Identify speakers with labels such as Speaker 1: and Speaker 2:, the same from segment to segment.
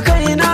Speaker 1: da kaina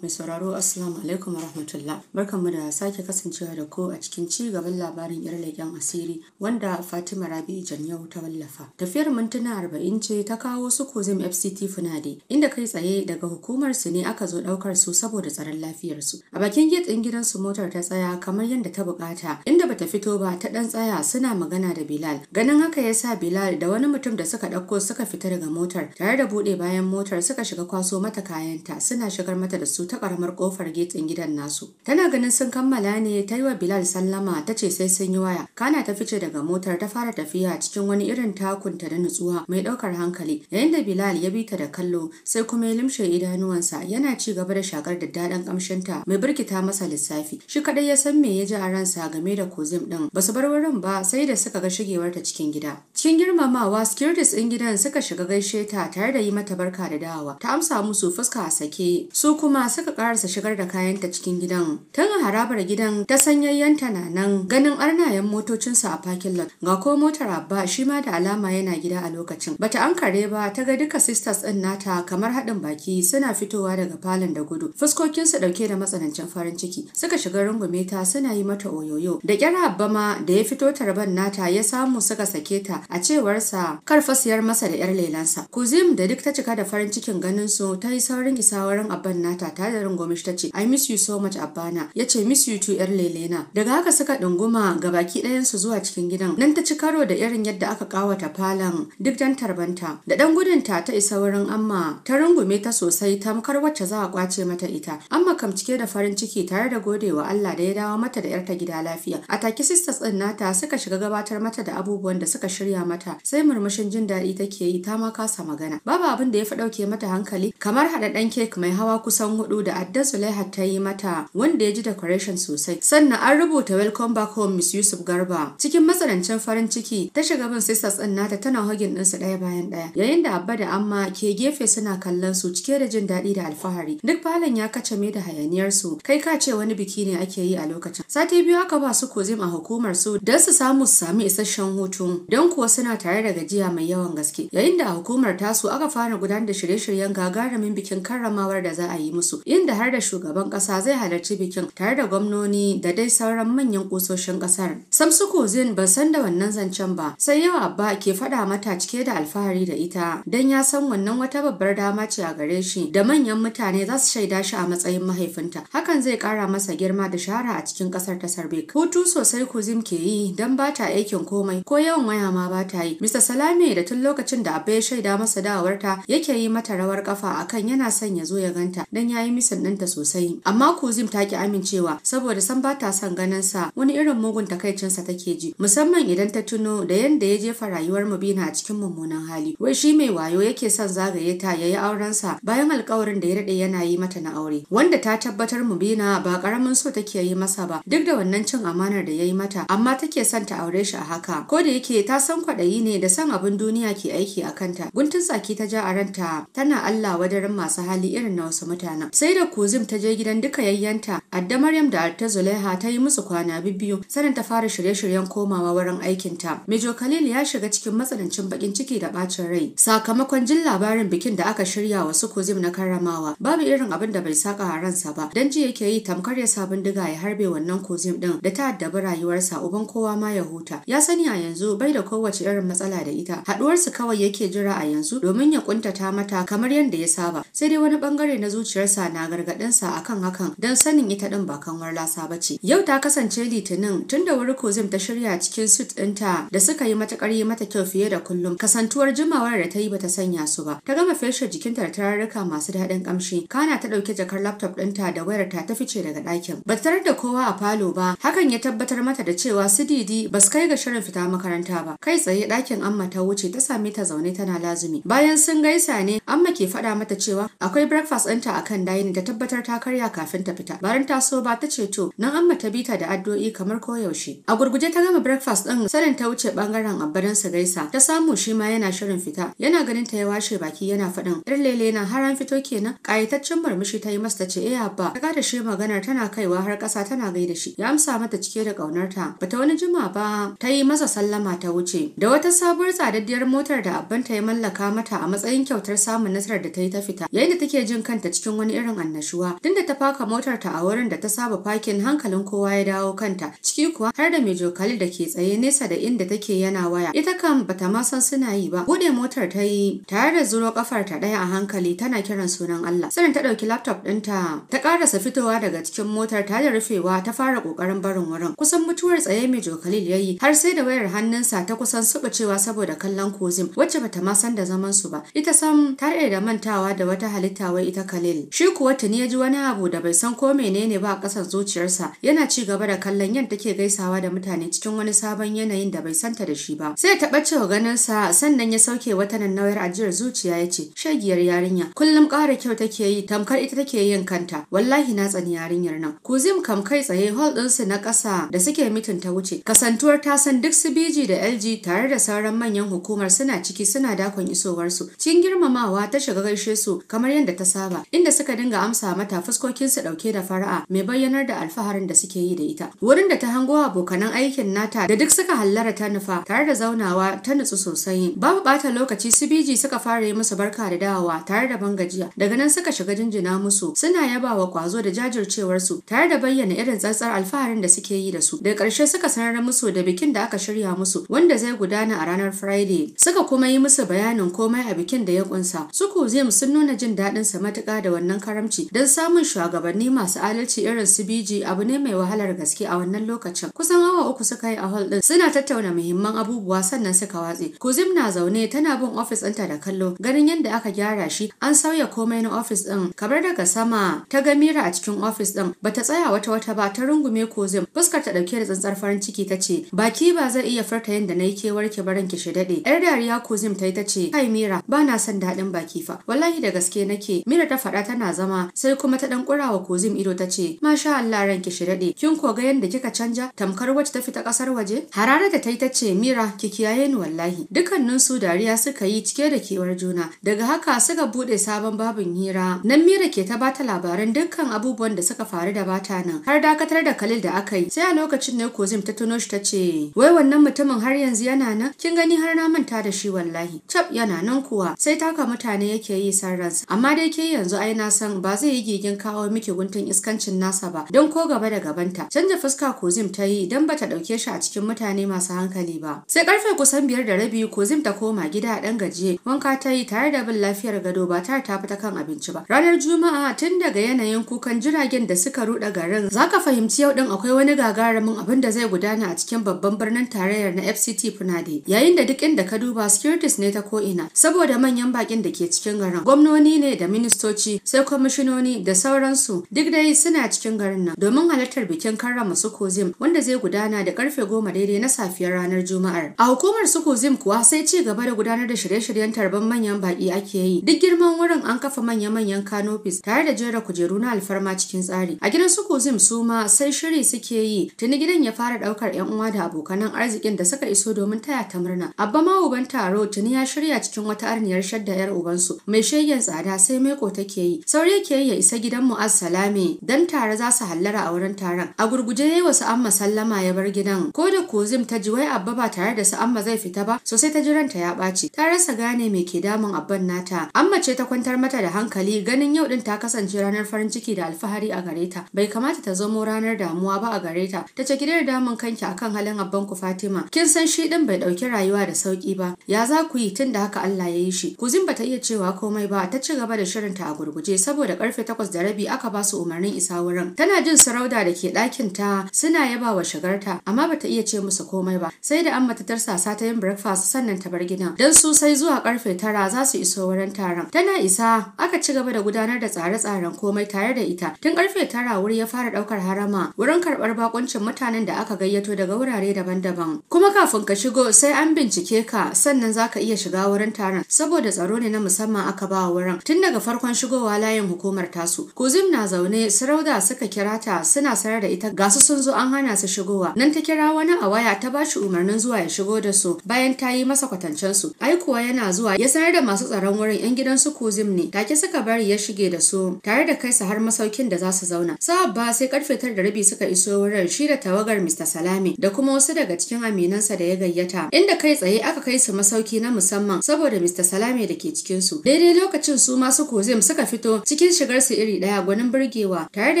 Speaker 1: Mai sauraro Assalamu alaikum rahmatullah. Barkanmu da sake kasancewa da ko a cikin ci gaban labarin yar leƙen asiri wanda Fatima Rabi'u Janyau ta wallafa. Tafiyar mintuna arba'in ce ta kawo su zim FCT Funade inda kai tsaye daga hukumar su ne aka zo ɗaukar su saboda tsaron lafiyar su. A bakin gate in gidan su motar ta tsaya kamar yadda ta bukata inda bata fito ba ta ɗan tsaya suna magana da Bilal. Ganin haka ya sa Bilal da wani mutum da suka ɗauko suka fita daga motar tare da buɗe bayan motar suka shiga kwaso mata kayanta suna shigar mata da su ta karamar kofar getin gidan nasu tana ganin sun kammala ne ta yi wa bilal sallama ta ce sai sun yi waya kana ta fice daga motar ta fara tafiya cikin wani irin takunta da nutsuwa mai ɗaukar hankali yayin da bilal ya bi ta da kallo sai kuma ya limshe idanuwansa yana ci gaba da shakar da daɗin ƙamshinta mai birkita masa lissafi shi kaɗai ya san me ya ji a ransa game da kozim ɗin ba su bar wurin ba sai da suka ga shigewarta cikin gida cikin girmamawa securities ɗin gidan suka shiga gaishe ta tare da yi mata barka da dawa ta amsa musu fuska a sake su kuma suka suka karasa shigar da kayanta cikin gidan. Tun harabar gidan ta sanyayyen tana nan ganin arnayen motocinsa a parking lot. Ga ko motar Abba shi ma da alama yana gida a lokacin. Bata kare ba ta ga duka sisters din nata kamar haɗin baki suna fitowa daga falon da gudu. Fuskokinsu ɗauke da matsanancin farin ciki. Suka shiga rungume ta suna yi mata oyoyo. Da kyar Abba ma da ya fito tarban nata ya samu suka sake ta a cewarsa karfasiyar masa da 'yar lelansa. Kuzim da duk ta cika da farin cikin ganin su ta yi saurin isa wurin Abban nata tare da da rungumish ta ce I miss you so much abana ya ce miss you too yar lelena daga haka suka ɗunguma ga baki ɗayansu zuwa cikin gidan nan ta ci karo da irin yadda aka kawata falon duk dan tarbanta da dan gudun ta ta isa wurin amma ta rungume ta sosai ta tamkar wacce za a kwace mata ita amma kam cike da farin ciki tare da godewa Allah da ya dawo mata da yarta gida lafiya a take sisters din nata suka shiga gabatar mata da abubuwan da suka shirya mata sai murmushin jin daɗi take yi ta ma kasa magana babu abin da ya fi ɗauke mata hankali kamar haɗaɗɗen kek mai hawa kusan hudu da Adda Sulaiha ta yi mata wanda ya ji decoration sosai. Sannan an rubuta welcome back home Miss Yusuf Garba. Cikin matsanancin farin ciki ta shiga bin sisters ɗin nata tana din su ɗaya bayan ɗaya. Yayin da Abba da Amma ke gefe suna kallon su cike da jin daɗi da alfahari. Duk falon ya kace me da hayaniyar su. Kai ka ce wani biki ne ake yi a lokacin. Sati biyu aka ba su kozim a hukumar su don su samu su sami isasshen hutu. Don kuwa suna tare da gajiya mai yawan gaske. Yayin da a hukumar tasu aka fara gudanar da shirye-shiryen gagarumin bikin karramawar da za a yi musu. inda har da shugaban ƙasa zai halarci bikin tare da gwamnoni da dai sauran manyan ƙusoshin ƙasar. Samsuku Zin ba san da wannan zancen ba, sai yawa ba ke faɗa mata cike da alfahari da ita, Dan ya san wannan wata babbar dama ce a gare shi da manyan mutane za su shaida shi a matsayin mahaifinta. Hakan zai ƙara masa girma da shahara a cikin ƙasar ta Sarbik. Hutu sosai Kuzim ke yi don ba ta aikin komai ko yawan waya ma ba ta yi. Mr. Salame da tun lokacin da Abba ya shaida masa dawarta yake yi mata rawar kafa akan yana son ya zo ya ganta Dan ya yi misin ɗinta sosai amma kuzim ta ki amincewa saboda san ba ta son ganin sa wani irin mugun takaicinsa take ji musamman idan ta tuno da yadda ya jefa rayuwar Mubina a cikin mummunan hali wai shi mai wayo yake son zagaye ta yayi auren sa bayan alƙawarin da ya daɗe yana yi mata na aure wanda ta tabbatar Mubina ba ƙaramin so take yi masa ba duk da wannan cin amanar da ya yi mata amma take son ta aure shi a haka ko da yake ta san kwaɗayi ne da san abin duniya ke aiki a kanta guntun tsaki ta ja a ranta tana Allah wadarin masu hali irin na wasu mutanen sai sai da kuzim ta je gidan duka yayyanta adda maryam da alta zulaiha ta yi musu kwana biyu sanin ta fara shirye-shiryen komawa wurin aikinta mijo khalil ya shiga cikin matsanancin bakin ciki da bacin rai sakamakon jin labarin bikin da aka shirya wa su kuzim na karramawa babu irin abin da bai saka a ransa ba dan ji yake yi tamkar ya sabon diga ya harbe wannan kuzim din da ta addabi rayuwarsa uban kowa ma ya huta ya sani a yanzu bai da kowace irin matsala da ita haduwarsu kawai yake jira a yanzu domin ya kuntata mata kamar yadda ya saba sai dai wani bangare na zuciyarsa na sa akan hakan don sanin ita ɗin ba kanwar lasa ba ce. Yau ta kasance litinin tun da wuri Kozim ta shirya cikin suit ɗinta da suka yi matuƙar yi mata kyau fiye da kullum. Kasantuwar jimawar da ta yi bata sanya su ba. Ta gama fesha jikinta da tararruka masu daɗin kamshi Kana ta ɗauki jakar laptop ɗinta da wayar ta ta fice daga ɗakin. Ba tarar da kowa a falo ba. Hakan ya tabbatar mata da cewa su Didi ba su kai ga shirin fita makaranta ba. Kai tsaye ɗakin Amma ta wuce ta same ta zaune tana lazumi. Bayan sun gaisa ne Amma ke faɗa mata cewa akwai breakfast ɗinta akan dining ta tabbatar ta karya kafin ta fita. Barin ta so ba ta ce to nan amma ta bi ta da addu'o'i kamar koyaushe. A gurguje ta gama breakfast ɗin sanin ta wuce ɓangaren abbadan su gaisa. Ta samu shi ma yana shirin fita. Yana ganin ta ya washe baki yana faɗin. Yar lele na har an fito kenan. kayataccen murmushi ta yi masa ce eh abba. Ta da shi maganar tana kaiwa har ƙasa tana gaida shi. Ya amsa mata cike da ƙaunarta. ta wani jima ba ta yi masa sallama ta wuce. Da wata sabuwar tsadaddiyar motar da abban ta ya mallaka mata a matsayin kyautar samun nasarar da ta yi ta fita. Yayin da take jin kanta cikin wani irin annashuwa. da ta faka motar ta a wurin da ta saba pakin, hankalin kowa ya dawo kanta. Ciki kuwa har da mai jokali da ke tsaye nesa da inda take yana waya. Ita kan bata ma san suna yi ba. Bude motar ta yi tare da zuro kafar ta ɗaya a hankali tana kiran sunan Allah. Sannan ta ɗauki laptop ɗinta ta karasa fitowa daga cikin motar ta da rufewa ta fara ƙoƙarin barin wurin. Kusan mutuwar tsaye mai jokali ya yi har sai da wayar hannunsa ta kusan subucewa saboda kallon kozim wacce bata ma san da zaman su ba. Ita sam ta da mantawa da wata halitta wai ita Khalil. Shi kuwa Yauwa tuni ya ji wani abu da bai san ko menene ba a ƙasar zuciyarsa yana ci gaba da kallon yadda take gaisawa da mutane cikin wani sabon yanayin da bai santa da shi ba. Sai taɓa ganin sa sannan ya sauke wata nauyar ajiyar zuciya ya ce shagiyar yarinya kullum ƙara kyau take yi tamkar ita take yin kanta wallahi na tsani yarinyar nan. Kuzim kam kai tsaye hall su na ƙasa da suke mitin ta wuce kasantuwar ta san duk su biji da LG tare da sauran manyan hukumar suna ciki suna dakon isowarsu. Cikin girmamawa ta shiga gaishe su kamar yadda ta saba inda suka dinga ga amsa mata fuskokin su ɗauke da fara'a mai bayyanar da alfaharin da suke yi da ita. Wurin da ta hango abokanan aikin nata da duk suka hallara ta nufa tare da zaunawa ta nutsu sosai. Babu bata lokaci su biji suka fara yi musu barka da dawowa tare da ban gajiya Daga nan suka shiga jinjina musu suna yabawa kwazo da jajircewar su tare da bayyana irin tsatsar alfaharin da suke yi da su. Daga karshe suka sanar musu da bikin da aka shirya musu wanda zai gudana a ranar Friday. Suka kuma yi musu bayanin komai a bikin da ya kunsa. su Zim sun nuna jin daɗinsa matuƙa da wannan kar haramci don samun shugabanni masu adalci irin su biji abu ne mai wahalar gaske a wannan lokacin kusan awa uku suka yi a hall din suna tattauna muhimman abubuwa sannan suka watse kuzim na zaune tana bin ofis ɗinta da kallo ganin yadda aka gyara shi an sauya komai na ofis ɗin kamar daga sama ta ga mira a cikin ofis ɗin bata tsaya wata wata ba ta rungume kuzim. fuskar ta ɗauke da tsantsar farin ciki ta ce baki ba zai iya furta yadda na yi kewar ki barin ki shi daɗe yar dariya kuzim ta yi ta ce kai mira ba na son daɗin baki fa wallahi da gaske nake mira ta faɗa tana zama zama sai kuma ta dan kurawa Kozim ido ta ce masha Allah ranki shi dade kin ko ga yanda kika canja tamkar wacce ta fita kasar waje harare da tai ta ce Mira ki kiyaye ni wallahi dukannun su dariya suka yi cike da kewar juna daga haka suka bude sabon babin hira nan Mira ke ta bata labaran dukkan abubuwan da suka faru da bata nan har dakatar da kalil da aka yi sai a lokacin ne Kozim ta tuno shi ta ce wai wannan mutumin har yanzu yana nan kin gani har na manta da shi wallahi cap yana nan kuwa sai taka mutane yake yi san ransa amma dai ke yanzu ai na san ba zai yi gigin kawo miki guntun iskancin nasa ba don ko gaba da gabanta canja fuska kozim ta yi don bata ɗauke shi a cikin mutane masu hankali ba sai karfe kusan biyar da rabi kozim ta koma gida a ɗan gajiye wanka ta yi tare da bin lafiyar gado ba tare ta fita kan abinci ba ranar juma'a tun daga yanayin kukan jiragen da suka ruɗe garin zaka fahimci yau din akwai wani gagarumin abin da zai gudana a cikin babban birnin tarayyar na fct funade yayin da duk inda ka duba securities ne ta ko'ina saboda manyan bakin da ke cikin garin gwamnoni ne da ministoci sai kuma kwamishinoni da sauransu duk dai suna cikin garin nan domin halartar bikin karrama sukozim wanda zai gudana da karfe goma daidai na safiyar ranar juma'ar a hukumar sukozim kuwa sai ci gaba da gudanar da shirye-shiryen tarban manyan baki ake yi duk girman wurin an kafa manya-manyan kanofis tare da jera kujeru na alfarma cikin tsari a gidan sukozim su ma sai shiri suke yi tuni gidan ya fara daukar yan uwa da abokanan arzikin da suka iso domin taya ta murna abba ma uban taro tuni ya shirya cikin wata arniyar shadda yar ubansu mai shegen tsada sai maiko take yi saurayi yake ya isa gidan Mu'az Salame dan tare za su hallara a wurin taron. A gurguje yayi wasu amma sallama ya bar gidan. Ko da Kozim ta ji wai Abba ba tare da su amma zai fita ba, so sai ta ji ranta ya ɓaci. Ta rasa gane me ke damun Abban nata. Amma ce ta kwantar mata da hankali ganin yau din ta kasance ranar farin ciki da alfahari a gare ta. Bai kamata ta zamo ranar damuwa ba a gare ta. Ta ce gidan damun kanki akan halin Abban ku Fatima. Kin san shi din bai dauki rayuwa da sauki ba. Ya za ku yi tunda haka Allah ya yi shi. Kuzin bata iya cewa komai ba ta ci gaba da shirinta a gurguje saboda Da karfe takwas da rabi aka ba su umarnin isa wurin tana jin sarauda da ke ɗakin ta suna yaba wa shigarta amma bata iya ce musu komai ba sai da amma ta sa, ta yin breakfast sannan ta bar gidan dan su sai zuwa karfe tara za su iso wurin taron tana isa aka ci gaba da gudanar da tsare-tsaren komai tare da ita tun karfe tara wuri ya fara ɗaukar harama wurin karɓar bakuncin mutanen da aka gayyato daga wurare daban-daban kuma kafin ka shigo sai an bincike ka sannan zaka iya shiga wurin taron saboda tsaro ne na musamman aka ba wurin tun daga farkon shigowa layin hukumar tasu kuzim na zaune sarauda suka kira ta suna sanar da ita gasu sun zo an hana su shigowa nan ta kira wani a waya ta ba shi umarnin zuwa ya shigo da su bayan ta yi masa kwatancen su ai kuwa yana zuwa ya sanar da masu tsaron wurin yan gidan su kuzim ne take suka bari ya shige da su tare da kai su har masaukin da za su zauna sa'abba sai karfe tara da rabi suka iso wurin shi da tawagar Mr. Salami. da kuma wasu daga cikin aminansa da ya gayyata inda kai tsaye aka kai su masauki na musamman saboda Mr. Salami da ke cikin su daidai lokacin su masu kuzim suka fito cikin Ganin shigar su iri daya gwanin burgewa tare da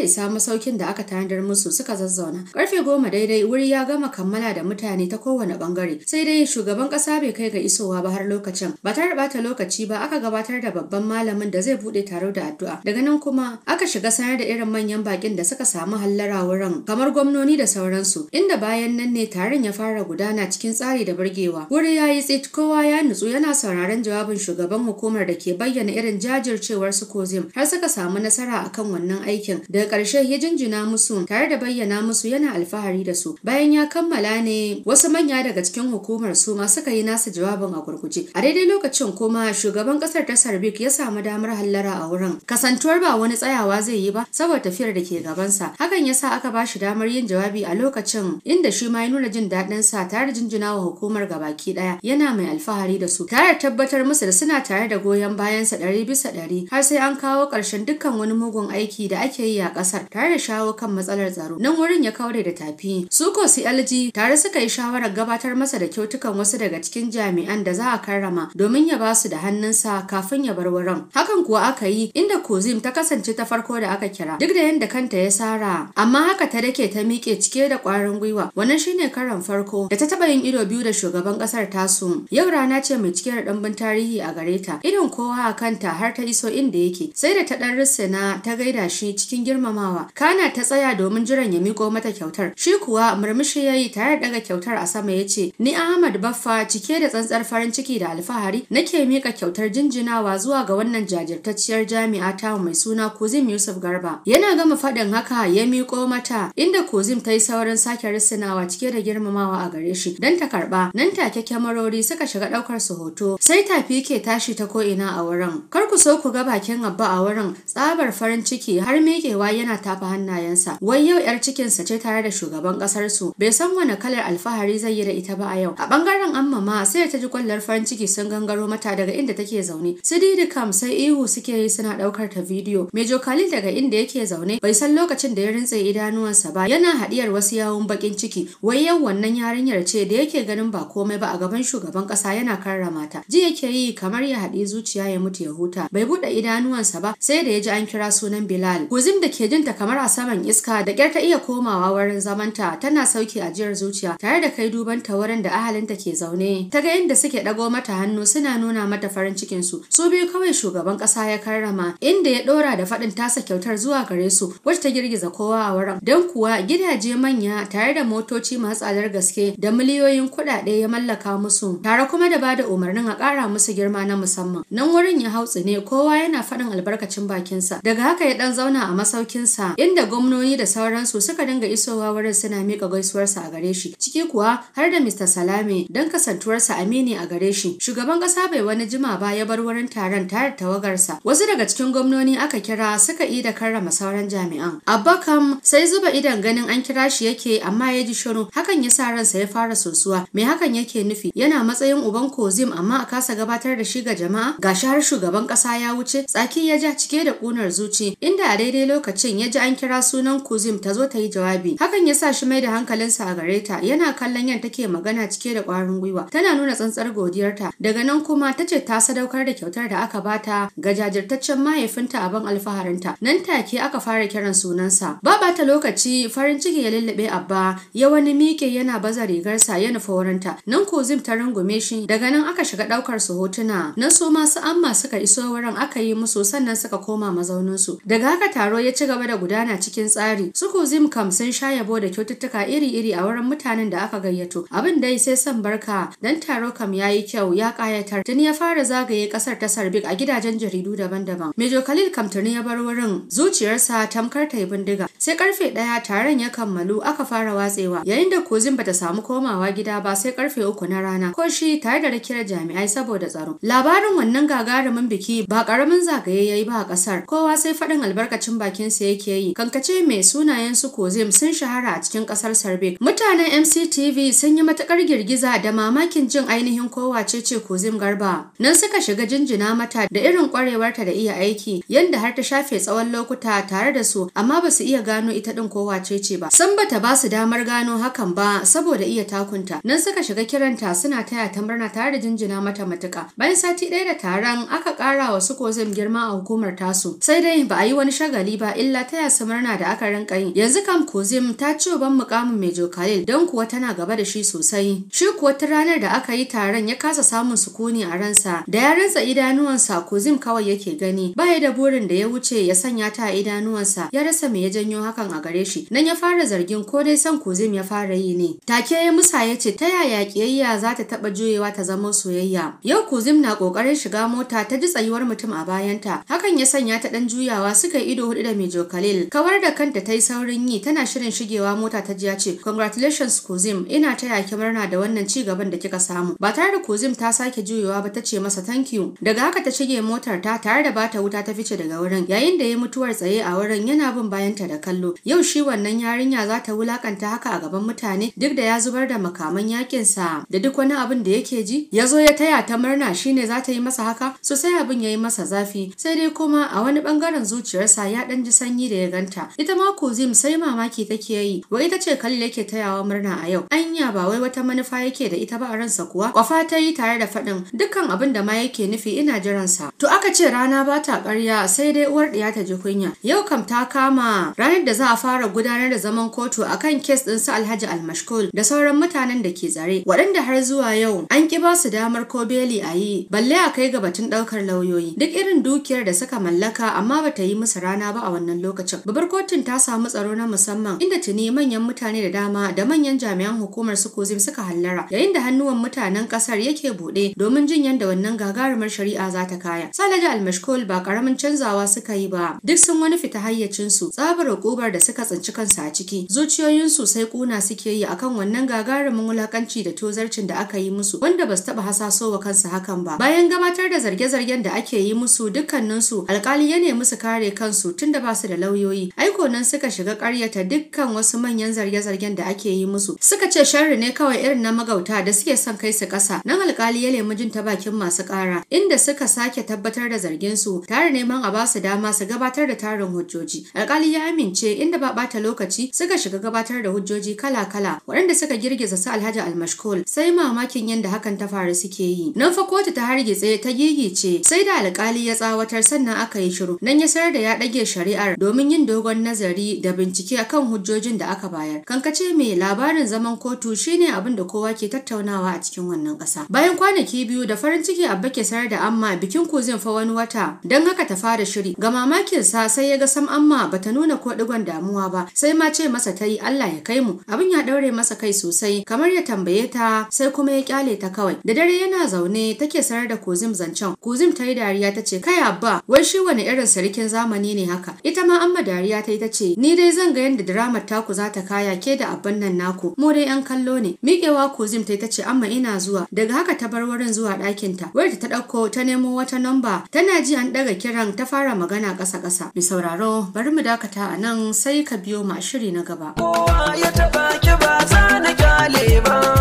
Speaker 1: isa masaukin da aka tanadar musu suka zazzauna. Karfe goma daidai wuri ya gama kammala da mutane ta kowane bangare. Sai dai shugaban kasa bai kai ga isowa ba har lokacin. Ba tare bata lokaci ba aka gabatar da babban malamin da zai bude taro da addu'a. Daga nan kuma aka shiga sanar da irin manyan bakin da suka samu hallara wurin kamar gwamnoni da sauransu. Inda bayan nan ne taron ya fara gudana cikin tsari da burgewa. Wuri ya yi tsit kowa ya nutsu yana sauraron jawabin shugaban hukumar da ke bayyana irin jajircewar su Kozim. Har suka samu nasara akan wannan aikin. Daga karshe ya jinjina musu tare da bayyana musu yana alfahari da su. Bayan ya kammala ne wasu manya daga cikin hukumar su ma suka yi nasu jawabin a gurguje. A daidai lokacin kuma shugaban ƙasar ta Sarbik ya samu damar hallara a wurin. Kasantuwar ba wani tsayawa zai yi ba saboda tafiyar da ke gabansa. Hakan ya sa aka ba shi damar yin jawabi a lokacin inda shi ma ya nuna jin daɗin sa tare da jinjina wa hukumar gabaki ɗaya yana mai alfahari da su tare da tabbatar musu da suna tare da goyon bayansa ɗari bisa ɗari har sai an kawo ƙarshen dukkan wani mugun aiki da ake yi a ƙasar tare da shawo kan matsalar tsaro. Nan wurin ya kaure da tafi. Suko CLG tare suka yi shawarar gabatar masa da kyautukan wasu daga cikin jami'an da za a karrama domin ya ba su da hannunsa kafin ya bar wurin. Hakan kuwa aka yi inda Kozim ta kasance ta farko da aka kira duk da yadda kanta ya sara amma haka ta dake ta miƙe cike da ƙwarin gwiwa wannan shine karon farko da ta taɓa yin ido biyu da shugaban ƙasar tasu. Yau rana ce mai cike da ɗanbin tarihi a gare ta. Irin kowa a kanta har ta iso inda yake sai da Maria ta ɗan risina ta gaida shi cikin girmamawa. Kana ta tsaya domin jiran ya miko mata kyautar. Shi kuwa murmushi yayi tare daga kyautar a sama ya ce, Ni Ahmad Baffa cike da tsantsar farin ciki da alfahari nake mika kyautar jinjinawa zuwa ga wannan jajirtacciyar jami'a ta mai suna Kuzim Yusuf Garba. Yana gama faɗin haka ya miko mata inda Kuzim ta yi saurin sake risinawa cike da girmamawa a gare shi don ta karɓa. Nan take kyamarori suka shiga ɗaukar su hoto sai tafi ke tashi ta ko'ina a wurin. Kar ku so ku ga bakin abba a wurin wurin tsabar farin ciki har mekewa yana tafa hannayensa wai yau yar cikinsa ce tare da shugaban ƙasarsu? bai san wani kalar alfahari zai yi da ita ba a yau a bangaren amma ma sai ta ji kwallar farin ciki sun gangaro mata daga inda take zaune su didi kam sai ihu suke yi suna ɗaukar ta bidiyo mai khalil daga inda yake zaune bai san lokacin da ya rintse idanuwansa ba yana haɗiyar wasu yawun bakin ciki wai yau wannan yarinyar ce da yake ganin ba komai ba a gaban shugaban ƙasa yana karrama ta ji yake yi kamar ya haɗi zuciya ya mutu ya huta bai buɗe idanuwansa ba sai da ya ji an kira sunan Bilal. Guzim da ke jinta kamar a saman iska da kyar ta iya komawa wurin zamanta tana sauki ajiyar zuciya tare da kai duban ta wurin da ahalinta ke zaune. Ta ga inda suke ɗago mata hannu suna nuna mata farin cikin su. Su biyu kawai shugaban ƙasa ya karrama inda ya ɗora da faɗin tasa kyautar zuwa gare su wacce ta girgiza kowa a wurin. Don kuwa gidaje manya tare da motoci masu tsadar gaske da miliyoyin kuɗaɗe ya mallaka musu tare kuma da bada umarnin a ƙara musu girma na musamman. Nan wurin ya hau ne kowa yana faɗin albarkacin albarkacin bakinsa. Daga haka ya dan zauna a masaukinsa inda gwamnoni da sauransu suka dinga isowa wurin suna miƙa gaisuwarsa a gare shi. Ciki kuwa har da Mr. Salame don kasantuwarsa amini a gare shi. Shugaban ƙasa bai wani jima ba ya bar wurin taron tare da tawagarsa. Wasu daga cikin gwamnoni aka kira suka yi da karrama sauran jami'an. Abba kam sai zuba idan ganin an kira shi yake amma ya ji shiru hakan ya sa ransa ya fara sosuwa. Me hakan yake nufi? Yana matsayin uban Kozim amma a kasa gabatar da shi ga jama'a gashi har shugaban ƙasa ya wuce tsaki ya ja cike da ƙunar zuci inda a daidai lokacin ya ji an kira sunan Kuzim ta zo ta yi jawabi. Hakan ya sa shi mai da hankalinsa a gare ta yana kallon yan take magana cike da ƙwarin gwiwa. Tana nuna tsantsar godiyarta. Daga nan kuma ta ce ta sadaukar da kyautar da aka bata ga jajirtaccen mahaifinta a ban alfaharinta. Nan take aka fara kiran sunansa. Ba ta lokaci farin ciki ya lullube Abba ya wani miƙe yana baza rigarsa ya nufa wurinta. Nan Kuzim ta rungume shi daga nan aka shiga ɗaukar su hotuna. Nan su masu amma suka iso wurin aka yi musu sannan suka suka koma mazauninsu. Daga haka taro ya ci gaba da gudana cikin tsari. Suku Zim kam sun sha yabo da kyaututtuka iri-iri a wurin mutanen da aka gayyato. Abin dai sai son barka dan taro kam ya yi kyau ya kayatar. Tuni ya fara zagaye ƙasar ta Sarbik a gidajen jaridu daban-daban. Mejo Khalil kam tuni ya bar wurin zuciyarsa tamkar ta yi bindiga. Sai karfe ɗaya taron ya kammalu aka fara watsewa. Yayin da kozim bata samu komawa gida ba sai karfe uku na rana. Ko shi tare da kira jami'ai saboda tsaro. Labarin wannan gagarumin biki ba karamin zagaye ya yi ba kasar kowa sai faɗin albarkacin bakin su yake yi kankace mai sunayen su kozim sun shahara a cikin kasar sarbe mutanen mctv sun yi matakar girgiza da mamakin jin ainihin kowa ce ce kozim garba nan suka shiga jinjina mata da irin kwarewarta da iya aiki yadda har ta shafe tsawon lokuta tare da su amma ba su iya gano ita din kowa ce ce ba san bata ba su damar gano hakan ba saboda iya takunta nan suka shiga kiranta suna taya ta murna tare da jinjina mata matuka bayan sati ɗaya da taron aka ƙara wa su kozim girma a hukumar al'ummar tasu sai dai ba a yi wani shagali ba illa ta su murna da aka rinka yi yanzu kam kozim ta ci ban mukamin mejo khalil don kuwa tana gaba da shi sosai shi kuwa ta ranar da aka yi taron ya kasa samun sukuni a ransa da ya rantsa idanuwansa kozim kawai yake gani ba ya da burin da ya wuce ya sanya ta a idanuwansa ya rasa me ya janyo hakan a gare shi nan ya fara zargin ko dai son kozim ya fara yi ne take ya musa ya ce ta yaya kiyayya za ta taba juyewa ta zama soyayya yau kozim na kokarin shiga mota ta ji tsayuwar mutum a bayanta hakan ya sanya ta ɗan juyawa suka yi ido hudu da mijo Khalil. Kawar da kanta ta yi saurin yi tana shirin shigewa mota ta jiya ce congratulations Kozim ina taya ki murna da wannan ci gaban da kika samu. Ba tare da Kozim ta sake juyawa ba ta ce masa thank you. Daga haka ta shige motar ta tare da bata wuta ta fice daga wurin yayin da ya mutuwar tsaye a wurin yana bin bayan ta da kallo. Yau shi wannan yarinya za ta wulakanta haka a gaban mutane duk da ya zubar da makaman yakin sa da duk wani abin da yake ji ya zo ya taya ta murna shine za ta yi masa haka so sai abin ya yi masa zafi sai dai ko kuma a wani bangaren zuciyarsa ya dan ji sanyi da ya ganta ita ma Kuzim sai mamaki take yi wa ita ce kalli yake tayawa murna a yau anya ba wai wata manufa yake da ita ba a ransa kuwa kwafa ta yi tare da faɗin dukkan abin da ma yake nufi ina jiransa to aka ce rana ba ta ƙarya sai dai uwar ɗiya ta ji kunya yau kam ta kama ranar da za a fara gudanar da zaman kotu akan kes ɗin su Alhaji Almashkul da sauran mutanen da ke zare. waɗanda har zuwa yau an ki ba su damar ko beli a yi balle a kai ga batun ɗaukar lauyoyi duk irin dukiyar da suka aka mallaka amma bata yi musu rana ba a wannan lokacin. Babbar kotun ta samu tsaro na musamman inda tuni manyan mutane da dama da manyan jami'an hukumar su kozim suka hallara yayin da hannuwan mutanen kasar yake buɗe domin jin yadda wannan gagarumar shari'a za ta kaya. Salaja almashkol ba karamin canzawa suka yi ba duk sun wani fita hayyacin su tsabar hukumar da suka tsinci kansu a ciki zuciyoyin su sai kuna suke yi akan wannan gagarumin wulakanci da tozarcin da aka yi musu wanda ba su taɓa hasasowa kansu hakan ba. Bayan gabatar da zarge-zargen da ake yi musu su alkali ya nemi su kare kansu tun da basu da lauyoyi aiko nan suka shiga karyata dukkan wasu manyan zarge-zargen da ake yi musu suka ce sharri ne kawai irin na magauta da suke son kai su kasa nan alkali ya nemi jin ta bakin masu ƙara. inda suka sake tabbatar da zargin su tare neman a basu dama su gabatar da tarin hujjoji alkali ya amince inda ba bata lokaci suka shiga gabatar da hujjoji kala-kala waɗanda suka girgiza su alhaji almashkol sai mamakin yadda hakan ta faru suke yi nan fa kotu ta hargitse ta gigice sai da alkali ya tsawatar sannan nan aka yi shiru nan ya sayar da ya ɗage shari'ar domin yin dogon nazari da bincike akan hujjojin da aka bayar kankace mai labarin zaman kotu shine abin da kowa ke tattaunawa a cikin wannan ƙasa bayan kwanaki biyu da farin ciki abba ke sayar da amma bikin kuzin fa wani wata don haka ta fara shiri ga mamakin sa sai ya ga sam amma bata nuna ko digon damuwa ba sai ma ce masa ta yi Allah ya kai mu abin ya daure masa kai sosai kamar ya tambaye ta sai kuma ya kyale ta kawai da dare yana zaune take sayar da kuzim zancen kuzim ta dariya ta ce kai abba wai shi wani irin sarkin zamani ne haka ita ma amma dariya ta yi ta ce ni dai zan ga yadda diramar taku za ta kaya ke da abin nan naku mu dai yan kallo ne miƙewa kozim ta yi ta ce amma ina zuwa daga haka ta bar wurin zuwa ɗakin ta wayar ta ɗauko ta nemo wata namba tana ji an ɗaga kiran ta fara magana ƙasa ƙasa mi sauraro bari mu dakata a nan sai ka biyo ma shiri na gaba. Kowa ya taɓa ki ba za na ba.